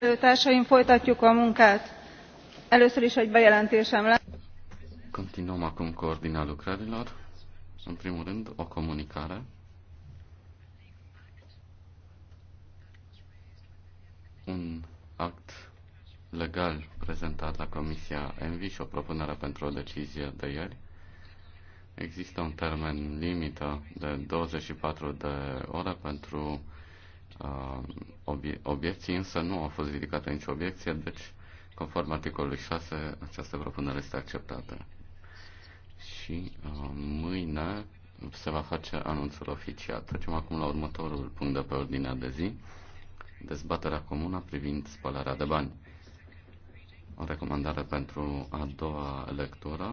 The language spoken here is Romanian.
képviselőtársaim folytatjuk a munkát. először is egy bejelentésem lesz. Continuăm acum coordina lucrărilor. În primul rând, o comunicare. Un act legal prezentat la Comisia Envi și o propunere pentru o decizie de ieri. Există un termen limită de 24 de ore pentru uh, obiecții, însă nu a fost ridicată nicio obiecție, deci, conform articolului 6, această propunere este acceptată. Și uh, mâine se va face anunțul oficial. Trecem acum la următorul punct de pe ordinea de zi, dezbaterea comună privind spălarea de bani. O recomandare pentru a doua lectură.